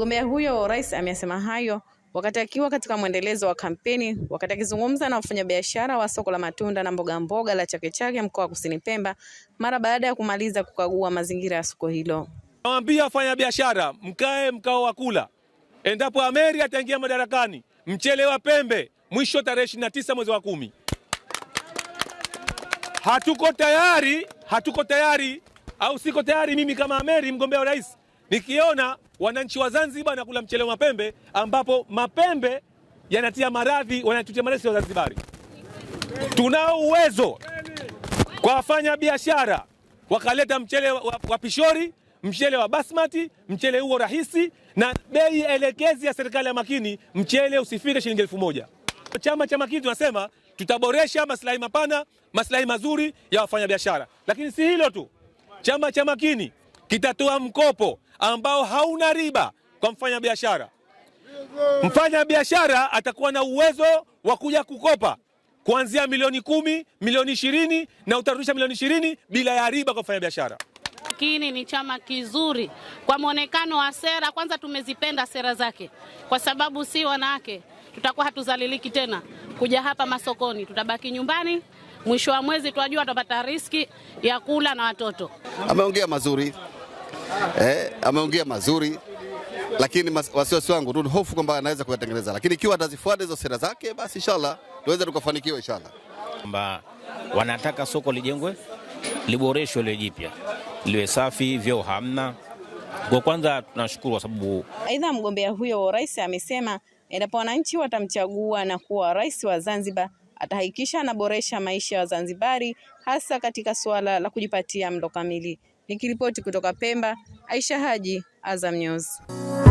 Mgombea huyo wa urais amesema hayo wakati akiwa katika mwendelezo wa kampeni, wakati akizungumza na wafanyabiashara wa soko la matunda na mboga mboga la Chake Chake mkoa wa Kusini Pemba mara baada ya kumaliza kukagua mazingira ya soko hilo. Nawaambia wafanyabiashara, mkae mkao wa kula. Endapo Ameri ataingia madarakani, mchele wa pembe, mwisho tarehe tisa mwezi wa kumi. Hatuko tayari, hatuko tayari au siko tayari mimi kama Ameri mgombea wa urais nikiona wananchi wa Zanzibar wanakula mchele wa mapembe, ambapo mapembe yanatia maradhi, wanatutia maradhi wa Zanzibari. Tunao uwezo kwa wafanya biashara wakaleta mchele wa, wa pishori, mchele wa basmati, mchele huo rahisi na bei elekezi ya serikali ya Makini, mchele usifike shilingi elfu moja. Chama cha Makini tunasema tutaboresha maslahi mapana, maslahi mazuri ya wafanyabiashara, lakini si hilo tu. Chama cha Makini kitatoa mkopo ambao hauna riba kwa mfanya biashara mfanya biashara atakuwa na uwezo wa kuja kukopa kuanzia milioni kumi, milioni ishirini na utarudisha milioni ishirini bila ya riba kwa mfanya biashara Lakini ni chama kizuri kwa mwonekano wa sera. Kwanza tumezipenda sera zake, kwa sababu si wanawake tutakuwa hatuzaliliki tena kuja hapa masokoni, tutabaki nyumbani. Mwisho wa mwezi tuajua tutapata riski ya kula na watoto. Ameongea mazuri eh, ameongea mazuri, lakini wasiwasi wangu tu hofu kwamba anaweza kuyatengeneza, lakini ikiwa atazifuata hizo sera zake, basi inshallah tuweze tukafanikiwa inshallah. Kwamba wanataka soko lijengwe, liboreshwe, liwe jipya, liwe safi, vyoo hamna. Kwa kwanza tunashukuru kwa sababu. Aidha, mgombea huyo wa rais amesema endapo wananchi watamchagua na kuwa rais wa Zanzibar atahakikisha anaboresha maisha ya Wazanzibari hasa katika suala la kujipatia mlo kamili. Nikiripoti kutoka Pemba, Aisha Haji, Azam News.